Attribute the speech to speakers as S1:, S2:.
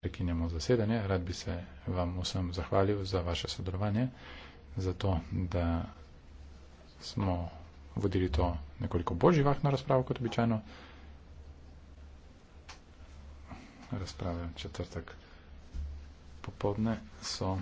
S1: prekinjamo zasedanje. Rad bi se vam vsem zahvalil za vaše sodelovanje, za to, da smo vodili to nekoliko bolj živahno razpravo kot običajno. Razprave četrtek
S2: popovdne so